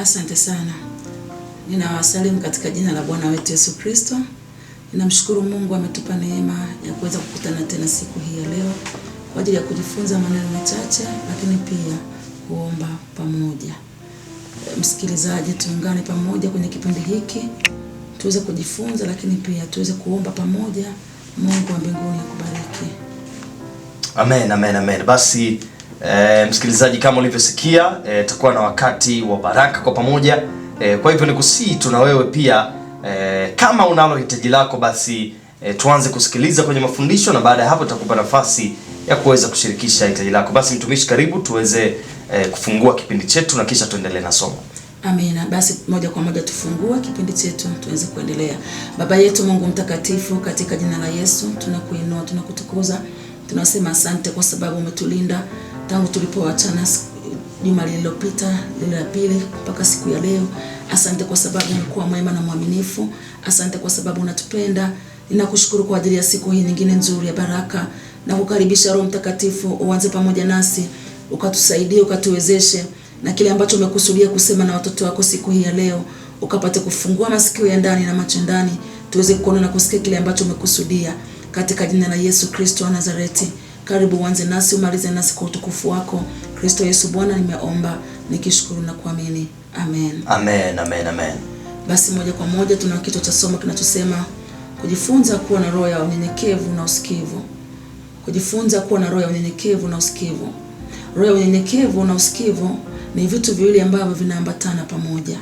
Asante sana. Ninawasalimu katika jina la Bwana wetu Yesu Kristo. Ninamshukuru Mungu ametupa neema ya kuweza kukutana tena siku hii ya leo kwa ajili ya kujifunza maneno machache lakini pia kuomba pamoja. Msikilizaji, tuungane pamoja kwenye kipindi hiki tuweze kujifunza lakini pia tuweze kuomba pamoja. Mungu wa mbinguni akubariki. Amen, amen, amen. Basi E, msikilizaji kama ulivyosikia e, tutakuwa na wakati wa baraka kwa pamoja e, kwa hivyo nikusii tu na wewe pia e, kama unalo hitaji lako basi e, tuanze kusikiliza kwenye mafundisho na baada ya hapo tutakupa nafasi ya kuweza kushirikisha hitaji lako. Basi mtumishi, karibu tuweze e, kufungua kipindi chetu na kisha tuendelee na somo. Amina. Basi moja kwa moja tufungua kipindi chetu tuweze kuendelea. Baba yetu Mungu mtakatifu, katika jina la Yesu tunakuinua, tunakutukuza, tunasema asante kwa sababu umetulinda tangu tulipoachana juma lililopita lile la pili mpaka siku ya leo. Asante kwa sababu umekuwa mwema na mwaminifu. Asante kwa sababu unatupenda. Ninakushukuru kwa ajili ya siku hii nyingine nzuri ya baraka na kukaribisha Roho Mtakatifu uanze pamoja nasi, ukatusaidie, ukatuwezeshe na kile ambacho umekusudia kusema na watoto wako siku hii ya leo, ukapate kufungua masikio ya ndani na macho ndani, tuweze kuona na kusikia kile ambacho umekusudia katika jina la Yesu Kristo wa Nazareti. Karibu uanze nasi umalize nasi kwa utukufu wako. Kristo Yesu Bwana, nimeomba nikishukuru na kuamini amen. Amen, amen, amen. Basi moja kwa moja tuna kichwa cha somo kinachosema kujifunza kuwa na roho ya unyenyekevu na usikivu. Kujifunza kuwa na roho ya unyenyekevu na usikivu. Roho ya unyenyekevu na usikivu ni vitu viwili ambavyo vinaambatana pamoja.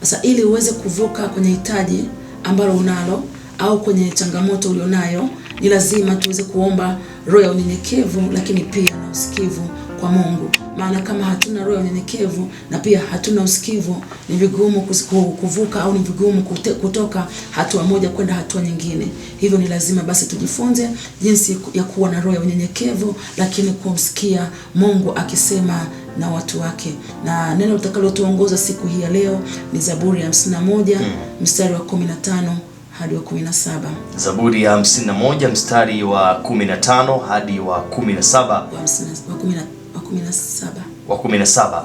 Sasa ili uweze kuvuka kwenye hitaji ambalo unalo au kwenye changamoto ulionayo ni lazima tuweze kuomba roho ya unyenyekevu, lakini pia na usikivu kwa Mungu, maana kama hatuna roho ya unyenyekevu na pia hatuna usikivu, ni vigumu kuvuka au ni vigumu kutoka hatua moja kwenda hatua nyingine. Hivyo ni lazima basi tujifunze jinsi ya kuwa na roho ya unyenyekevu, lakini kumsikia Mungu akisema na watu wake. Na neno litakalotuongoza siku hii ya leo ni Zaburi ya 51 mm. mstari wa 15 hadi wa 17. Zaburi ya 51 mstari wa 15 hadi wa 17. Wa 17. Wa 17.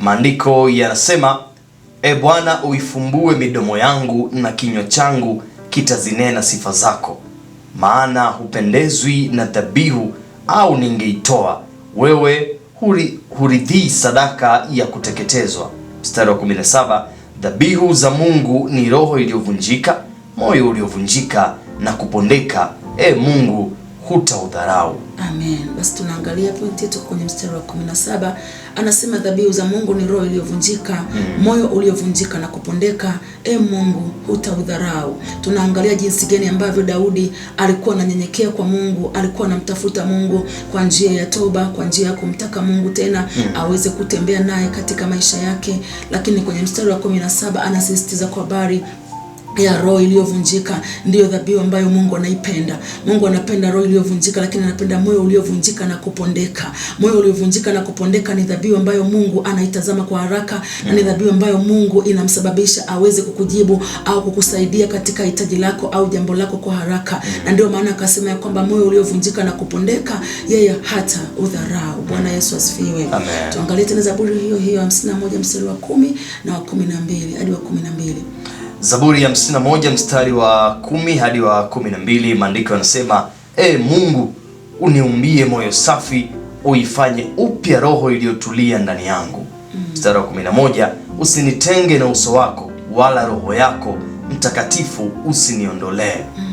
Maandiko yanasema, E Bwana, uifumbue midomo yangu na kinywa changu kitazinena sifa zako, maana hupendezwi na dhabihu, au ningeitoa wewe huri, huridhii sadaka ya kuteketezwa. Mstari wa 17, dhabihu za Mungu ni roho iliyovunjika moyo uliovunjika na kupondeka, e Mungu hutaudharau. Amen. Basi tunaangalia pointi yetu kwenye mstari wa 17, anasema dhabihu za Mungu ni roho iliyovunjika, mm. moyo uliovunjika na kupondeka, e Mungu hutaudharau. Tunaangalia jinsi gani ambavyo Daudi alikuwa ananyenyekea kwa Mungu, alikuwa anamtafuta Mungu kwa njia ya toba, kwa njia ya kumtaka Mungu tena mm. aweze kutembea naye katika maisha yake, lakini kwenye mstari wa 17 anasisitiza kwa habari ya roho iliyovunjika ndiyo dhabihu ambayo Mungu anaipenda. Mungu anapenda roho iliyovunjika, lakini anapenda moyo uliovunjika na kupondeka. Moyo uliovunjika na kupondeka ni dhabihu ambayo Mungu anaitazama kwa haraka mm na ni dhabihu ambayo Mungu inamsababisha aweze kukujibu au kukusaidia katika hitaji lako au jambo lako kwa haraka, mm na ndio maana akasema ya kwamba moyo uliovunjika na kupondeka yeye hata udharau. Bwana Yesu asifiwe. Tuangalie tena Zaburi hiyo hiyo 51 mstari wa 10 na wa 12 hadi wa 12. Zaburi ya 51 mstari wa kumi hadi wa kumi na mbili maandiko yanasema E Mungu, uniumbie moyo safi, uifanye upya roho iliyotulia ndani yangu. Mm. Mstari wa 11, usinitenge na uso wako, wala roho yako mtakatifu usiniondolee. Mm.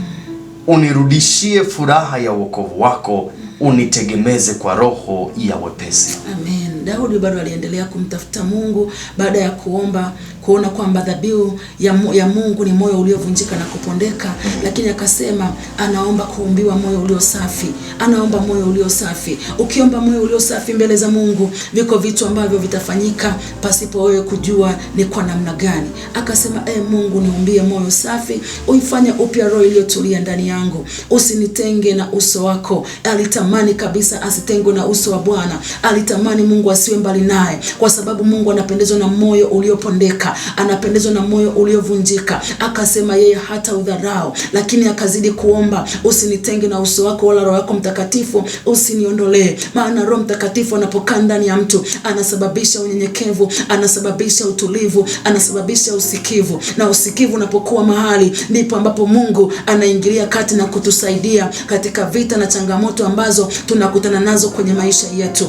Unirudishie furaha ya uokovu wako, unitegemeze kwa roho ya wepesi. Amen. Daudi bado aliendelea kumtafuta Mungu baada ya kuomba kuona kwamba dhabihu ya, ya Mungu ni moyo uliovunjika na kupondeka, lakini akasema anaomba kuumbiwa moyo ulio safi, anaomba moyo ulio safi. Ukiomba moyo ulio safi mbele za Mungu, viko vitu ambavyo vitafanyika pasipo wewe kujua ni kwa namna gani. Akasema e, Mungu niumbie moyo safi, uifanye upya roho iliyotulia ndani yangu, usinitenge na uso wako. Alitamani kabisa asitengwe na uso wa Bwana, alitamani Mungu wasiwe mbali naye, kwa sababu Mungu anapendezwa na moyo uliopondeka, anapendezwa na moyo uliovunjika. Akasema yeye hata udharau, lakini akazidi kuomba, usinitenge na uso wako, wala Roho yako Mtakatifu usiniondolee. Maana Roho Mtakatifu anapokaa ndani ya mtu anasababisha unyenyekevu, anasababisha utulivu, anasababisha usikivu, na usikivu unapokuwa mahali, ndipo ambapo Mungu anaingilia kati na kutusaidia katika vita na changamoto ambazo tunakutana nazo kwenye maisha yetu.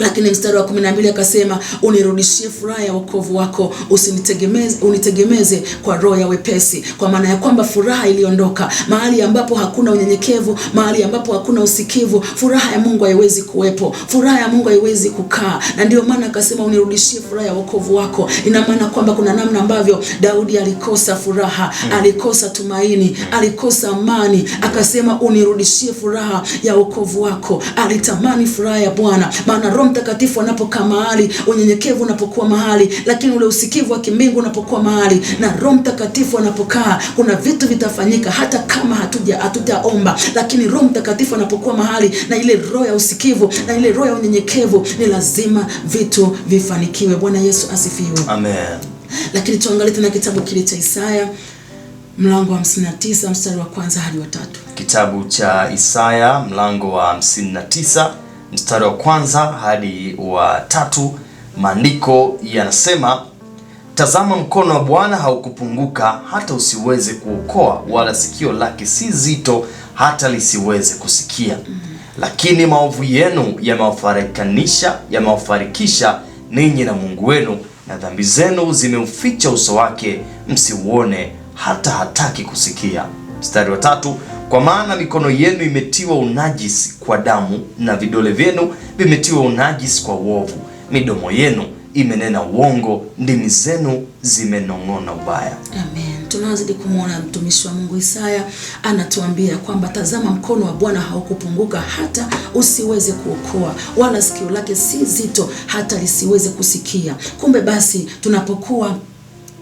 Lakini mstari wa 12 akasema, unirudishie furaha ya wokovu wako, usinitegemeze unitegemeze kwa roho ya wepesi. Kwa maana ya kwamba furaha iliondoka mahali ambapo hakuna unyenyekevu, mahali ambapo hakuna usikivu, furaha ya Mungu haiwezi kuwepo, furaha ya Mungu haiwezi kukaa. Na ndio maana akasema, unirudishie furaha ya wokovu wako. Ina maana kwamba kuna namna ambavyo Daudi alikosa furaha, hmm. alikosa tumaini, alikosa amani, akasema unirudishie furaha ya wokovu wako. Alitamani furaha ya Bwana maana Mtakatifu anapokaa mahali, unyenyekevu unapokuwa mahali, lakini ule usikivu wa kimbingu unapokuwa mahali na Roho Mtakatifu anapokaa, kuna vitu vitafanyika hata kama hatuja hatutaomba, lakini Roho Mtakatifu anapokuwa mahali na ile roho ya usikivu na ile roho ya unyenyekevu, ni lazima vitu vifanikiwe. Bwana Yesu asifiwe, amen. Lakini tuangalie tena kitabu kile cha Isaya mlango wa 59 mstari wa kwanza hadi wa tatu. Kitabu cha Isaya mlango wa 59 mstari wa kwanza hadi wa tatu, maandiko yanasema Tazama, mkono wa Bwana haukupunguka hata usiweze kuokoa, wala sikio lake si zito hata lisiweze kusikia, lakini maovu yenu yamewafarikanisha, yamewafarikisha ninyi na Mungu wenu, na dhambi zenu zimeuficha uso wake, msiuone hata hataki kusikia. Mstari wa tatu, kwa maana mikono yenu imetiwa unajisi kwa damu, na vidole vyenu vimetiwa unajisi kwa uovu. Midomo yenu imenena uongo, ndimi zenu zimenong'ona ubaya. Amen. Tunazidi kumwona mtumishi wa Mungu Isaya anatuambia kwamba tazama, mkono wa Bwana haukupunguka hata usiweze kuokoa, wala sikio lake si zito hata lisiweze kusikia. Kumbe basi tunapokuwa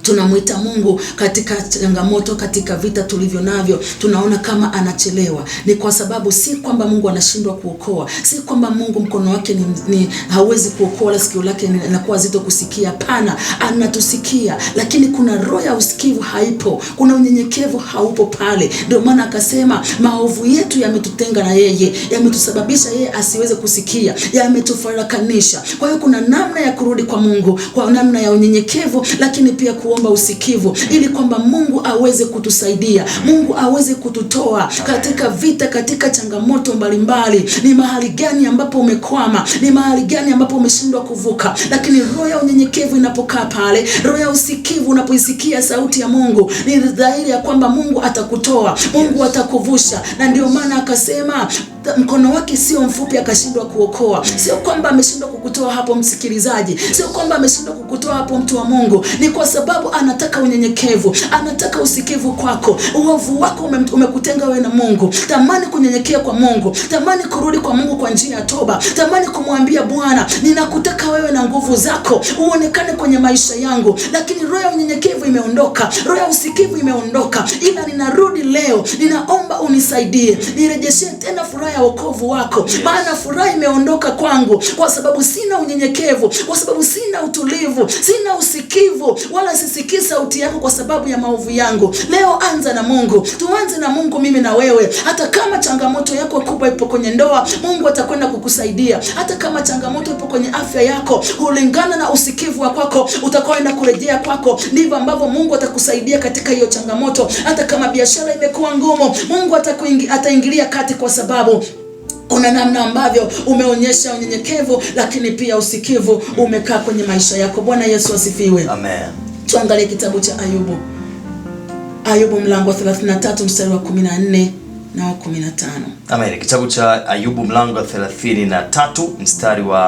Tunamwita Mungu katika changamoto, katika vita tulivyo navyo, tunaona kama anachelewa. Ni kwa sababu si kwamba Mungu anashindwa kuokoa, si kwamba Mungu mkono wake ni, ni hawezi kuokoa la sikio lake linakuwa zito kusikia. Hapana, anatusikia, lakini kuna roho ya usikivu haipo, kuna unyenyekevu haupo pale. Ndio maana akasema maovu yetu yametutenga na yeye, yametusababisha yeye asiweze kusikia, yametufarakanisha. Kwa hiyo kuna namna ya kurudi kwa Mungu, kwa namna ya unyenyekevu, lakini pia kuwa kuomba usikivu, ili kwamba Mungu aweze kutusaidia, Mungu aweze kututoa katika vita, katika changamoto mbalimbali. Ni mahali gani ambapo umekwama? Ni mahali gani ambapo umeshindwa kuvuka? Lakini roho ya unyenyekevu inapokaa pale, roho ya usikivu, unapoisikia sauti ya Mungu, ni dhahiri ya kwamba Mungu atakutoa, Mungu atakuvusha, na ndio maana akasema mkono wake sio mfupi akashindwa kuokoa. Sio kwamba ameshindwa kukutoa hapo, msikilizaji, sio kwamba ameshindwa kukutoa hapo, mtu wa Mungu, ni kwa sababu anataka unyenyekevu, anataka usikivu kwako. Uovu wako ume, umekutenga wewe na Mungu. Tamani kunyenyekea kwa Mungu, tamani kurudi kwa Mungu kwa njia ya toba, tamani kumwambia Bwana, ninakutaka wewe na nguvu zako uonekane kwenye maisha yangu. Lakini roho ya unyenyekevu imeondoka, roho ya usikivu imeondoka, ila ninarudi leo, ninaomba unisaidie, nirejeshe tena furaha ya wokovu wako yes. Maana furaha imeondoka kwangu kwa sababu sina unyenyekevu, kwa sababu sina utulivu, sina usikivu, wala sisikii sauti yako kwa sababu ya maovu yangu. Leo anza na Mungu, tuanze na Mungu, mimi na wewe. Hata kama changamoto yako kubwa ipo kwenye ndoa, Mungu atakwenda kukusaidia. Hata kama changamoto ipo kwenye afya yako, kulingana na usikivu wa kwako utakwenda kurejea kwako, ndivyo ambavyo Mungu atakusaidia katika hiyo changamoto. Hata kama biashara imekuwa ngumu, Mungu atakuingi, ataingilia kati kwa sababu kuna namna ambavyo umeonyesha unyenyekevu, lakini pia usikivu umekaa kwenye maisha yako. Bwana Yesu asifiwe, amen. Tuangalie kitabu cha Ayubu, Ayubu mlango 33 mstari wa 14 na wa 15. Amen. Kitabu cha Ayubu mlango 33 mstari wa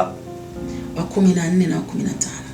wa 14 na wa 15.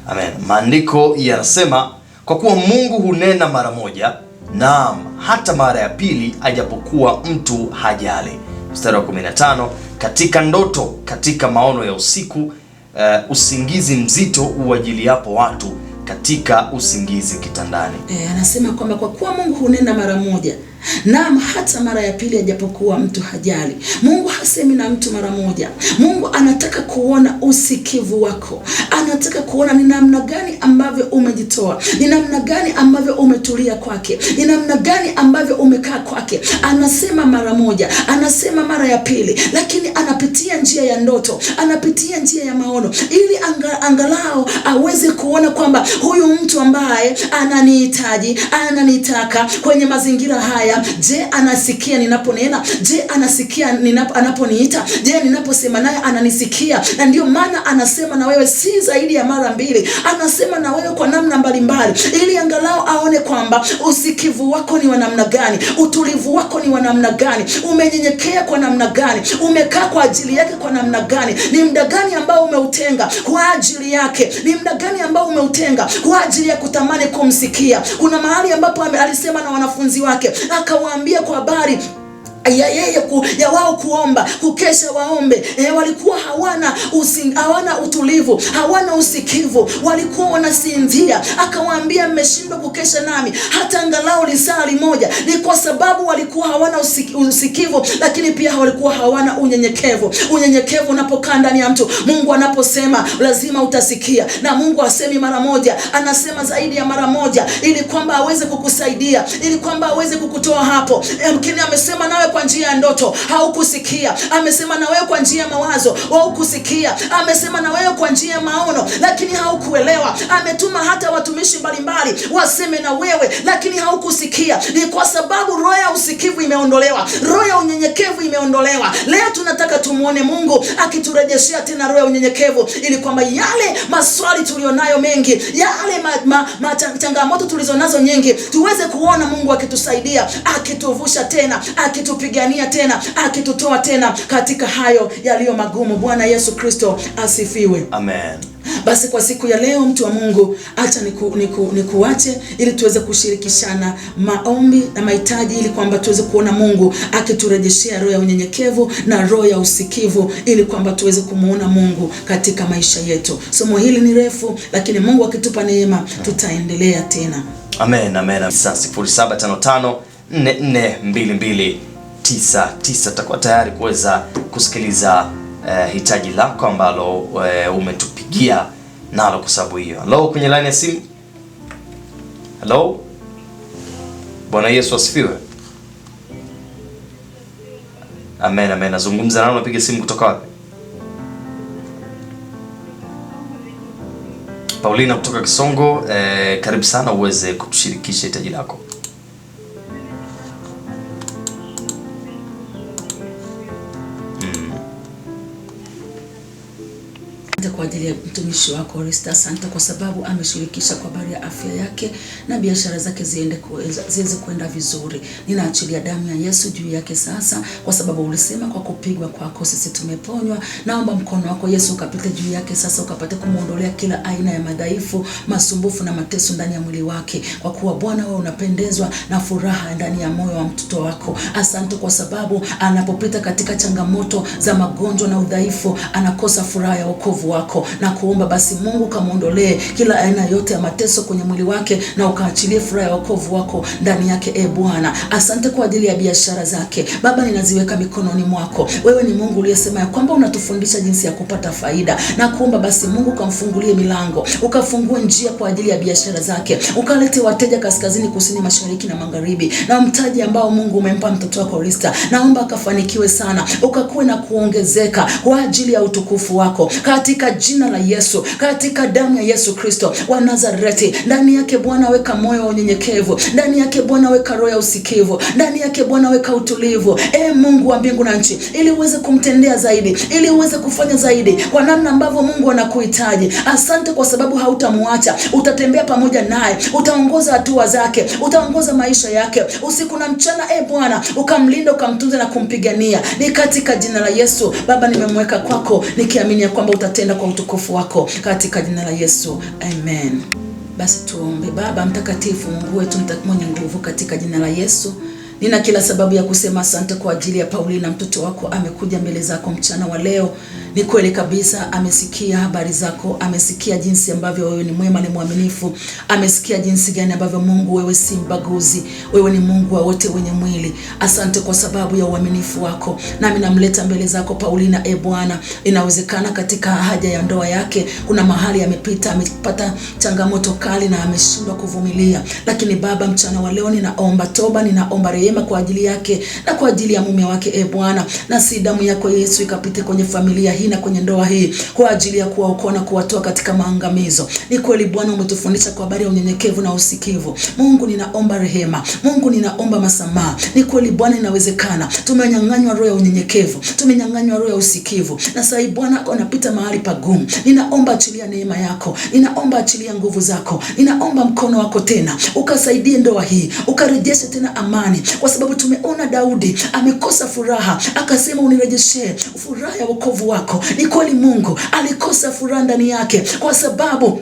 Amen. Maandiko yanasema kwa kuwa Mungu hunena mara moja, naam hata mara ya pili, ajapokuwa mtu hajali mstari wa 15, katika ndoto, katika maono ya usiku, uh, usingizi mzito yapo watu katika usingizi kitandani. E, anasema kwamba kwa kuwa Mungu hunena mara moja Naam, hata mara ya pili, ajapokuwa mtu hajali. Mungu hasemi na mtu mara moja. Mungu anataka kuona usikivu wako, anataka kuona ni namna gani ambavyo umejitoa, ni namna gani ambavyo umetulia kwake, ni namna gani ambavyo umekaa kwake. Anasema mara moja, anasema mara ya pili, lakini anapitia njia ya ndoto, anapitia njia ya maono, ili anga, angalau aweze kuona kwamba huyu mtu ambaye ananihitaji, ananitaka kwenye mazingira haya haya? Je, anasikia ninaponena? Je, anasikia ninapo, anaponiita? Je, ninaposema naye ananisikia? Na ndio maana anasema na wewe si zaidi ya mara mbili, anasema na wewe kwa namna mbalimbali, ili angalau aone kwamba usikivu wako ni wa namna gani, utulivu wako ni wa namna gani, umenyenyekea kwa namna gani, umekaa kwa ajili yake kwa namna gani, ni muda gani ambao umeutenga kwa ajili yake, ni muda gani ambao umeutenga kwa ajili ya kutamani kumsikia. Kuna mahali ambapo alisema na wanafunzi wake na akawaambia kwa habari ya yeye ku, ya wao kuomba kukesha waombe. E, walikuwa hawana usin, hawana utulivu hawana usikivu, walikuwa wanasinzia. Akawaambia, mmeshindwa kukesha nami hata angalau lisaa limoja. Ni kwa sababu walikuwa hawana usik, usikivu, lakini pia walikuwa hawana unyenyekevu. Unyenyekevu unapokaa ndani ya mtu, Mungu anaposema lazima utasikia, na Mungu asemi mara moja, anasema zaidi ya mara moja, ili kwamba aweze kukusaidia, ili kwamba aweze kukutoa hapo. Yamkini amesema nawe kwa njia ya ndoto haukusikia. Amesema na wewe kwa njia ya mawazo haukusikia. Amesema na wewe kwa njia ya maono, lakini haukuelewa. Ametuma hata watumishi mbalimbali waseme na wewe, lakini haukusikia. Ni kwa sababu roho ya usikivu imeondolewa, roho ya unyenyekevu imeondolewa. Leo tunataka tumuone Mungu akiturejeshea tena roho ya unyenyekevu, ili kwamba yale maswali tulionayo mengi, yale ma, ma, ma, changamoto tulizonazo nyingi, tuweze kuona Mungu akitusaidia, akituvusha tena, akitu kutupigania tena, akitutoa tena katika hayo yaliyo magumu. Bwana Yesu Kristo asifiwe. Amen. Basi kwa siku ya leo mtu wa Mungu, acha niku, niku, nikuache ili tuweze kushirikishana maombi na mahitaji, ili kwamba tuweze kuona Mungu akiturejeshea roho ya unyenyekevu na roho ya usikivu, ili kwamba tuweze kumuona Mungu katika maisha yetu. Somo hili ni refu, lakini Mungu akitupa neema tutaendelea tena. Amen, amen. 4422 tisa tisa takuwa tayari kuweza kusikiliza eh, hitaji lako ambalo eh, umetupigia nalo kwa sababu hiyo. Hello, kwenye line ya simu. Hello. Bwana Yesu asifiwe. Amen, amen. Nazungumza nao, unapiga simu kutoka wapi? Paulina kutoka Kisongo. Eh, karibu sana uweze kutushirikisha hitaji lako. ajili ya mtumishi wako Oresta, Santa kwa sababu ameshirikisha kwa habari ya afya yake na biashara zake ziende ziweze kuenda vizuri. Ninaachilia damu ya Yesu juu yake sasa, kwa sababu ulisema kwa kupigwa kwako sisi tumeponywa. Naomba mkono wako Yesu ukapite juu yake sasa, ukapate kumwondolea kila aina ya madhaifu, masumbufu na mateso ndani ya mwili wake, kwa kuwa Bwana wewe unapendezwa na furaha ndani ya moyo wa mtoto wako. Asante kwa sababu anapopita katika changamoto za magonjwa na udhaifu, anakosa furaha ya wokovu wako yako, na kuomba basi Mungu kamwondolee kila aina yote ya mateso kwenye mwili wake na ukaachilie furaha ya wokovu wako ndani yake. E Bwana, asante kwa ajili ya biashara zake Baba, ninaziweka mikononi mwako. Wewe ni Mungu uliyesema ya kwamba unatufundisha jinsi ya kupata faida na kuomba basi Mungu kamfungulie milango, ukafungue njia kwa ajili ya biashara zake, ukalete wateja kaskazini, kusini, mashariki na magharibi, na mtaji ambao Mungu umempa mtoto wako Lista, naomba akafanikiwe sana, ukakuwe na kuongezeka kwa ajili ya utukufu wako katika jina la Yesu, katika damu ya Yesu Kristo wa Nazareti. Ndani yake Bwana weka moyo wa unyenyekevu, ndani yake Bwana weka roho ya usikivu, ndani yake Bwana weka utulivu. E Mungu wa mbingu na nchi, ili uweze kumtendea zaidi, ili uweze kufanya zaidi kwa namna ambavyo Mungu anakuhitaji. Asante kwa sababu hautamwacha, utatembea pamoja naye, utaongoza hatua zake, utaongoza maisha yake usiku na mchana. E Bwana, ukamlinda ukamtunza na kumpigania. Ni katika jina la Yesu Baba nimemweka kwako, nikiamini ya kwamba utatenda kwa utukufu wako katika jina la Yesu, amen. Basi tuombe. Baba mtakatifu, Mungu wetu mwenye nguvu, katika jina la Yesu Nina kila sababu ya kusema asante kwa ajili ya Paulina, mtoto wako amekuja mbele zako mchana wa leo. Ni kweli kabisa, amesikia habari zako, amesikia jinsi ambavyo wewe ni mwema, ni mwaminifu, amesikia jinsi gani ambavyo Mungu wewe si mbaguzi, wewe ni Mungu wa wote wenye mwili. Asante kwa sababu ya uaminifu wako, nami namleta mbele zako Paulina. E Bwana, inawezekana katika haja ya ndoa yake kuna mahali amepita, amepata changamoto kali na ameshindwa kuvumilia, lakini Baba, mchana wa leo ninaomba toba, ninaomba rehema kwa ajili yake na kwa ajili ya mume wake, e Bwana, na si damu yako Yesu ikapite kwenye familia hii na kwenye ndoa hii kwa ajili ya kuwaokoa na kuwatoa katika maangamizo. Ni kweli Bwana, umetufundisha kwa habari ya unyenyekevu na usikivu. Mungu, ninaomba rehema. Mungu, ninaomba masamaha. Ni kweli Bwana, inawezekana tumenyang'anywa roho ya unyenyekevu, tumenyang'anywa roho ya usikivu, na sasa hivi Bwana unapita mahali pagumu. Ninaomba achilia neema yako, ninaomba achilia nguvu zako, ninaomba mkono wako tena ukasaidie ndoa hii, ukarejeshe tena amani, kwa sababu tumeona Daudi amekosa furaha, akasema unirejeshee furaha ya wokovu wako. Ni kweli Mungu alikosa furaha ndani yake kwa sababu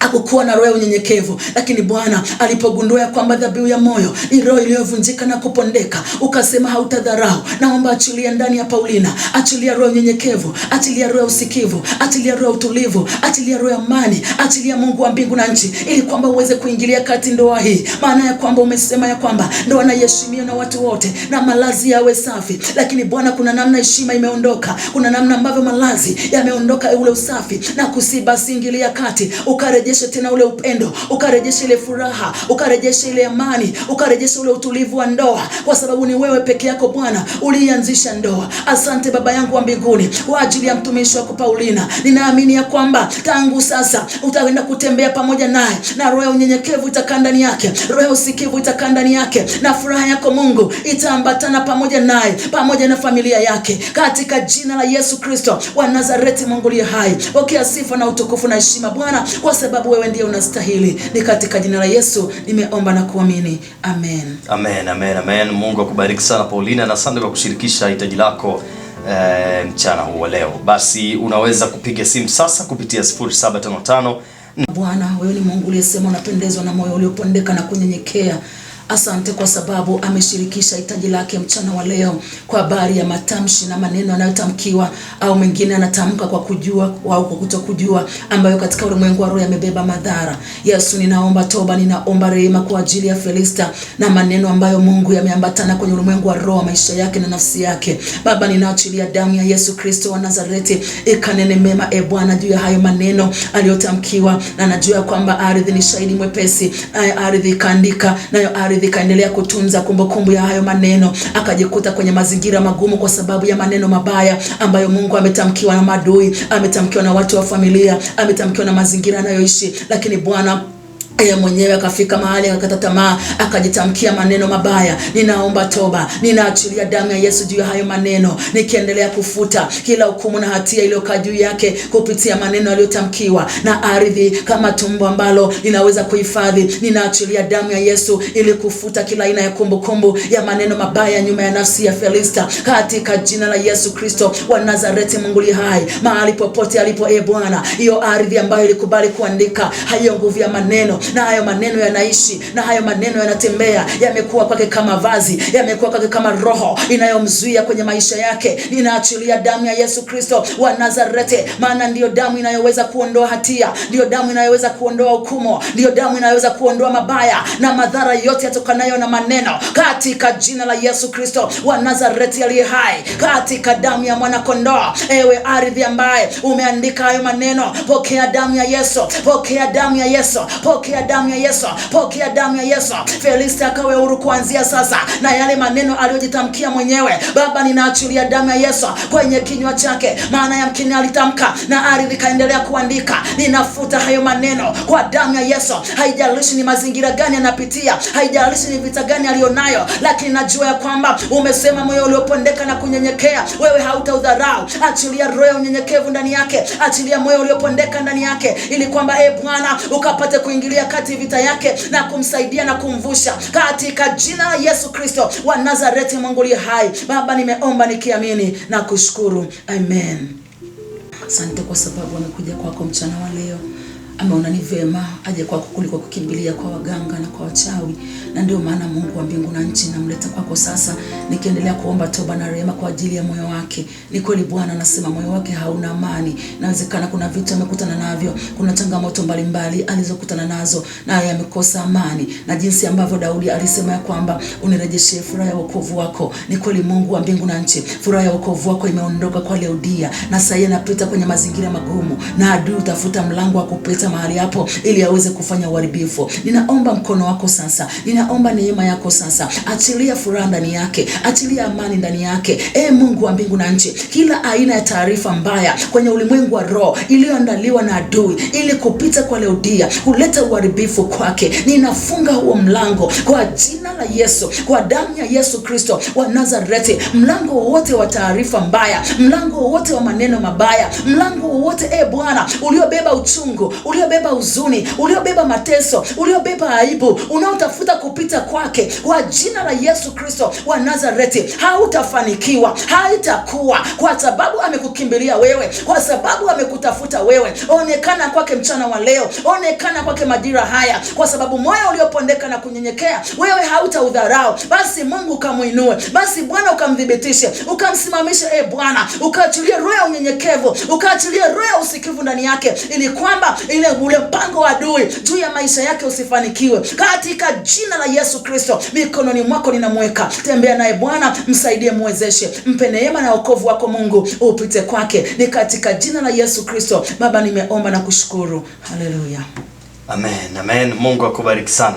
hakukuwa na roho ya unyenyekevu, lakini Bwana alipogundua ya kwamba dhabihu ya moyo ni roho iliyovunjika na kupondeka, ukasema hautadharau. Naomba achilia ndani ya Paulina, achilia roho ya unyenyekevu, achilia roho ya usikivu, achilia roho ya utulivu, achilia roho ya amani, achilia Mungu wa mbingu na nchi, ili kwamba uweze kuingilia kati ndoa hii, maana ya kwamba umesema ya kwamba ndoa naiheshimiwa na watu wote na malazi yawe safi. Lakini Bwana, kuna namna heshima imeondoka, kuna namna ambavyo malazi yameondoka ule usafi, na kusiba, basi kati ukare ukarejeshe tena ule upendo, ukarejeshe ile furaha, ukarejeshe ile amani, ukarejeshe ule utulivu wa ndoa, kwa sababu ni wewe peke yako Bwana ulianzisha ndoa. Asante Baba yangu wa mbinguni kwa ajili ya mtumishi wako Paulina, ninaamini ya kwamba tangu sasa utaenda kutembea pamoja naye na roho ya unyenyekevu itakaa ndani yake, roho ya usikivu itakaa ndani yake, na furaha yako Mungu itaambatana pamoja naye pamoja na familia yake, katika jina la Yesu Kristo wa Nazareti. Mungu hai, pokea sifa na utukufu na heshima Bwana kwa sababu sababu wewe ndiye unastahili. Ni katika jina la Yesu nimeomba na kuamini, amen, amen, amen, amen. Mungu akubariki sana Paulina, na asante kwa kushirikisha hitaji lako e, mchana huu leo. Basi unaweza kupiga simu sasa kupitia 0755. Bwana, wewe ni Mungu uliyesema unapendezwa na moyo uliopondeka na kunyenyekea Asante kwa sababu ameshirikisha hitaji lake mchana wa leo kwa habari ya matamshi na maneno yanayotamkiwa au mengine anatamka kwa kujua au kwa kutokujua, ambayo katika ulimwengu wa roho yamebeba madhara. Yesu, ninaomba toba, ninaomba rehema kwa ajili ya Felista na maneno ambayo Mungu yameambatana kwenye ulimwengu wa roho, maisha yake na nafsi yake. Baba, ninaachilia damu ya Yesu Kristo wa Nazareti ikanene mema, e Bwana, juu ya hayo maneno aliyotamkiwa, na najua kwamba ardhi ni shahidi mwepesi, ardhi ikaandika, nayo ardhi Alivikaendelea kutunza kumbukumbu kumbu ya hayo maneno, akajikuta kwenye mazingira magumu kwa sababu ya maneno mabaya ambayo Mungu ametamkiwa na madui, ametamkiwa na watu wa familia, ametamkiwa na mazingira anayoishi, lakini Bwana yeye mwenyewe akafika mahali akakata tamaa, akajitamkia maneno mabaya. Ninaomba toba, ninaachilia damu ya Yesu juu ya hayo maneno, nikiendelea kufuta kila hukumu na hatia iliyokaa juu yake kupitia maneno aliyotamkiwa na ardhi kama tumbo ambalo linaweza kuhifadhi. Ninaachilia damu ya Yesu ili kufuta kila aina ya kumbukumbu kumbu ya maneno mabaya nyuma ya nafsi ya Felista, katika jina la Yesu Kristo wa Nazareti. Mungu li hai mahali popote alipo, e Bwana, hiyo ardhi ambayo ilikubali kuandika hayo nguvu ya maneno na hayo maneno yanaishi na hayo maneno yanatembea, yamekuwa kwake kama vazi, yamekuwa kwake kama roho inayomzuia kwenye maisha yake. Ninaachilia damu ya Yesu Kristo wa Nazareti, maana ndiyo damu inayoweza kuondoa hatia, ndiyo damu inayoweza kuondoa hukumu, ndiyo damu inayoweza kuondoa mabaya na madhara yote yatokanayo na maneno, katika jina la Yesu Kristo wa Nazareti aliye hai, katika damu ya mwanakondoo. Ewe ardhi ambaye umeandika hayo maneno, pokea damu ya Yesu, pokea damu ya Yesu, pokea pokea damu ya Yesu, pokea damu ya Yesu. Felista akawe huru kuanzia sasa, na yale maneno aliyojitamkia mwenyewe, Baba, ninaachilia damu ya Yesu kwenye kinywa chake. Maana ya mkini alitamka na ardhi kaendelea kuandika. Ninafuta hayo maneno kwa damu ya Yesu. Haijalishi ni mazingira gani anapitia, haijalishi ni vita gani aliyonayo, lakini najua ya kwamba umesema, moyo uliopondeka na kunyenyekea wewe hautaudharau. Achilia roho ya unyenyekevu ndani yake, achilia moyo uliopondeka ndani yake, ili kwamba e Bwana ukapate kuingilia kati vita yake na kumsaidia na kumvusha katika jina la Yesu Kristo wa Nazareti. Mungu li hai, Baba, nimeomba nikiamini na kushukuru, amen. Asante kwa sababu amekuja kwako mchana wa leo ameona ni vema aje kwako kuliko kukimbilia kwa waganga na kwa wachawi, na ndio maana Mungu wa mbingu na nchi namleta kwako sasa, nikiendelea kuomba toba na rehema kwa ajili ya moyo wake. Ni kweli Bwana anasema moyo wake hauna amani. Inawezekana kuna vitu amekutana navyo, kuna changamoto mbalimbali alizokutana nazo, naye amekosa amani, na jinsi ambavyo Daudi alisema ya kwamba unirejeshe furaha ya wokovu wako. Ni kweli Mungu wa mbingu na nchi, furaha ya wokovu wako imeondoka kwa Leodia, na sasa yeye anapita kwenye mazingira magumu, na adui utafuta mlango wa kupita kupita mahali hapo ili aweze kufanya uharibifu. Ninaomba mkono wako sasa, ninaomba neema yako sasa, achilia furaha ndani yake, achilia amani ndani yake. E Mungu wa mbingu na nchi, kila aina ya taarifa mbaya kwenye ulimwengu wa roho iliyoandaliwa na adui ili kupita kwa Leodia kuleta uharibifu kwake, ninafunga huo mlango kwa jina la Yesu, kwa damu ya Yesu Kristo wa Nazareti, mlango wowote wa taarifa mbaya, mlango wowote wa maneno mabaya, mlango wowote e Bwana uliobeba uchungu uli uliobeba huzuni, uliobeba mateso, uliobeba aibu, unaotafuta kupita kwake, kwa jina la Yesu Kristo wa Nazareti, hautafanikiwa, haitakuwa, kwa sababu amekukimbilia wewe, kwa sababu amekutafuta wewe. Onekana kwake mchana wa leo, onekana kwake majira haya, kwa sababu moyo uliopondeka na kunyenyekea wewe hautaudharau. Basi Mungu kamuinue, basi Bwana ukamthibitishe, ukamsimamishe. E Bwana, ukaachilie roho ya unyenyekevu, ukaachilie roho ya usikivu ndani yake, ili kwamba ile ule ule mpango wa adui juu ya maisha yake usifanikiwe, katika jina la Yesu Kristo. Mikononi mwako ninamweka, tembea naye Bwana, msaidie, muwezeshe, mpe neema na wokovu wako Mungu, upite kwake, ni katika jina la Yesu Kristo. Baba, nimeomba na kushukuru, haleluya, amen, amen. Mungu akubariki sana.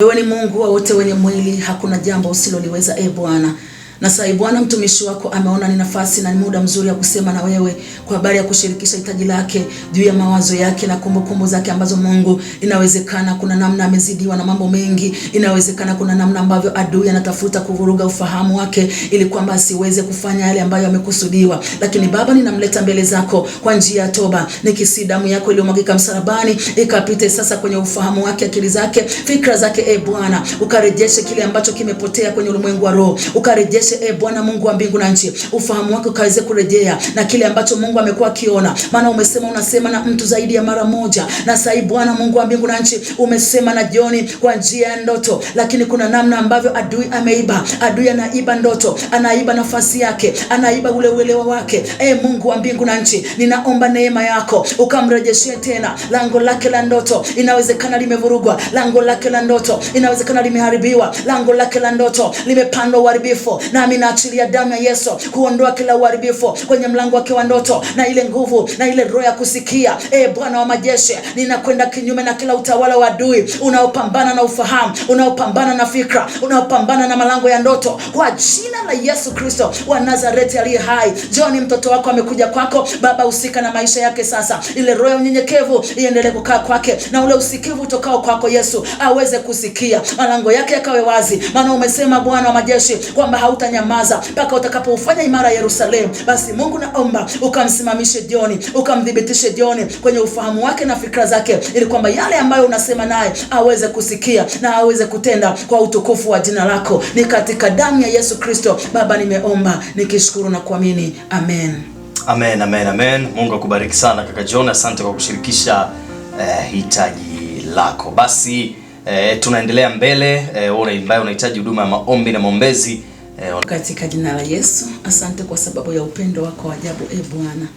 Wewe ni Mungu wa wote wenye mwili, hakuna jambo usiloliweza, e Bwana. Na sasa Bwana mtumishi wako ameona ni nafasi na ni muda mzuri ya kusema na wewe kwa habari ya kushirikisha hitaji lake juu ya mawazo yake na kumbukumbu zake ambazo Mungu, inawezekana kuna namna amezidiwa na mambo mengi, inawezekana kuna namna ambavyo adui anatafuta kuvuruga ufahamu wake ili kwamba asiweze kufanya yale ambayo amekusudiwa. Lakini Baba, ninamleta mbele zako kwa njia ya toba, nikisi damu yako iliyomwagika msalabani ikapite sasa kwenye ufahamu wake, akili zake, fikra zake. E Bwana, ukarejeshe kile ambacho kimepotea kwenye ulimwengu wa roho, ukarejeshe uwezeshe e eh, Bwana Mungu wa mbingu na nchi, ufahamu wake ukaweze kurejea na kile ambacho Mungu amekuwa akiona, maana umesema unasema na mtu zaidi ya mara moja, na sasa Bwana Mungu wa mbingu na nchi umesema na Joni kwa njia ya ndoto, lakini kuna namna ambavyo adui ameiba. Adui anaiba ndoto, anaiba nafasi yake, anaiba ule uelewa wake. E Mungu wa mbingu na nchi, ninaomba neema yako ukamrejeshie tena lango lake la ndoto. Inawezekana limevurugwa lango lake la ndoto, inawezekana limeharibiwa lango lake la ndoto, limepandwa uharibifu nami naachilia damu ya Yesu kuondoa kila uharibifu kwenye mlango wake wa ndoto na ile nguvu na ile roho ya kusikia. E Bwana wa majeshi, ninakwenda kinyume na kila utawala wa adui unaopambana na ufahamu, unaopambana na fikra, unaopambana na malango ya ndoto kwa jina la Yesu Kristo wa Nazareti aliye hai. John, mtoto wako amekuja kwako Baba, husika na maisha yake sasa. Ile roho ya unyenyekevu iendelee kukaa kwake na ule usikivu utokao kwako Yesu aweze kusikia, malango yake yakawe wazi, maana umesema Bwana wa majeshi kwamba hauta hatanyamaza mpaka utakapofanya imara Yerusalemu. Basi Mungu naomba ukamsimamishe Dioni, ukamthibitishe Dioni kwenye ufahamu wake na fikra zake, ili kwamba yale ambayo unasema naye aweze kusikia na aweze kutenda kwa utukufu wa jina lako. Ni katika damu ya Yesu Kristo Baba nimeomba nikishukuru na kuamini, amen. Amen, amen, amen. Mungu akubariki sana kaka John, asante kwa kushirikisha eh, hitaji lako. Basi eh, tunaendelea mbele eh, wewe ambaye unahitaji huduma ya maombi na maombezi Eh, katika jina la Yesu. Asante kwa sababu ya upendo wako ajabu, e Bwana.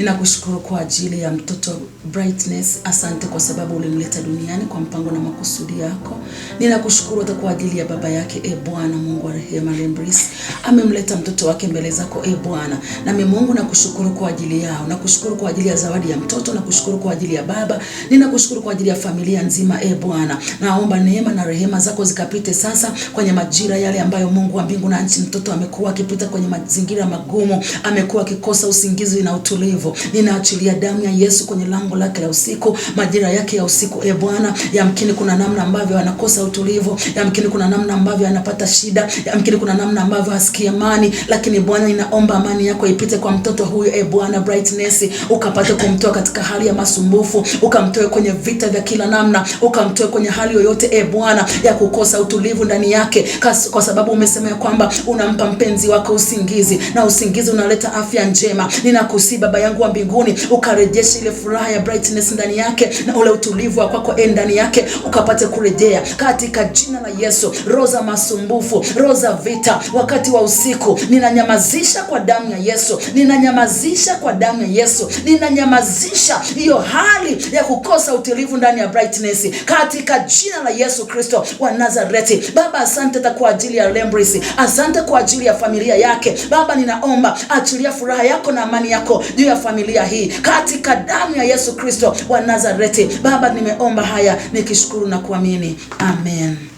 Ninakushukuru kwa ajili ya mtoto Brightness. Asante kwa sababu ulimleta duniani kwa mpango na makusudi yako. Ninakushukuru hata kwa ajili ya baba yake, e Bwana Mungu wa rehema, Lembris amemleta mtoto wake mbele zako, e Bwana nami Mungu nakushukuru kwa ajili yao, nakushukuru kwa ajili ya zawadi ya mtoto, nakushukuru kwa ajili ya baba, ninakushukuru kwa ajili ya familia nzima, e Bwana naomba neema na rehema zako zikapite sasa kwenye majira yale ambayo Mungu wa mbingu na nchi, mtoto amekuwa akipita kwenye mazingira magumu, amekuwa akikosa usingizi na utulivu Ninaachilia damu ya Yesu kwenye lango lake la usiku, majira yake ya usiku. E Bwana, yamkini kuna namna ambavyo anakosa utulivu, yamkini kuna namna ambavyo anapata shida, yamkini kuna namna ambavyo hasikii amani, lakini Bwana, ninaomba amani yako ipite kwa mtoto huyu. E Bwana, Brightness ukapate kumtoa katika hali ya masumbufu, ukamtoe kwenye vita vya kila namna, ukamtoe kwenye hali yoyote e Bwana ya kukosa utulivu ndani yake Kas, kwa sababu umesema ya kwamba unampa mpenzi wako usingizi na usingizi unaleta afya njema. Ninakusihi Baba yangu wa mbinguni, ukarejesha ile furaha ya brightness ndani yake na ule utulivu wa kwako e ndani yake ukapate kurejea katika jina la Yesu. Roho za masumbufu, roho za vita wakati wa usiku, ninanyamazisha kwa damu ya Yesu, ninanyamazisha kwa damu ya Yesu, ninanyamazisha hiyo hali ya kukosa utulivu ndani ya brightness katika jina la Yesu Kristo wa Nazareti. Baba, asante kwa ajili ya Lembrisi, asante kwa ajili ya familia yake. Baba, ninaomba achilia furaha yako na amani yako juu ya familia hii katika damu ya Yesu Kristo wa Nazareti. Baba, nimeomba haya nikishukuru na kuamini, amen.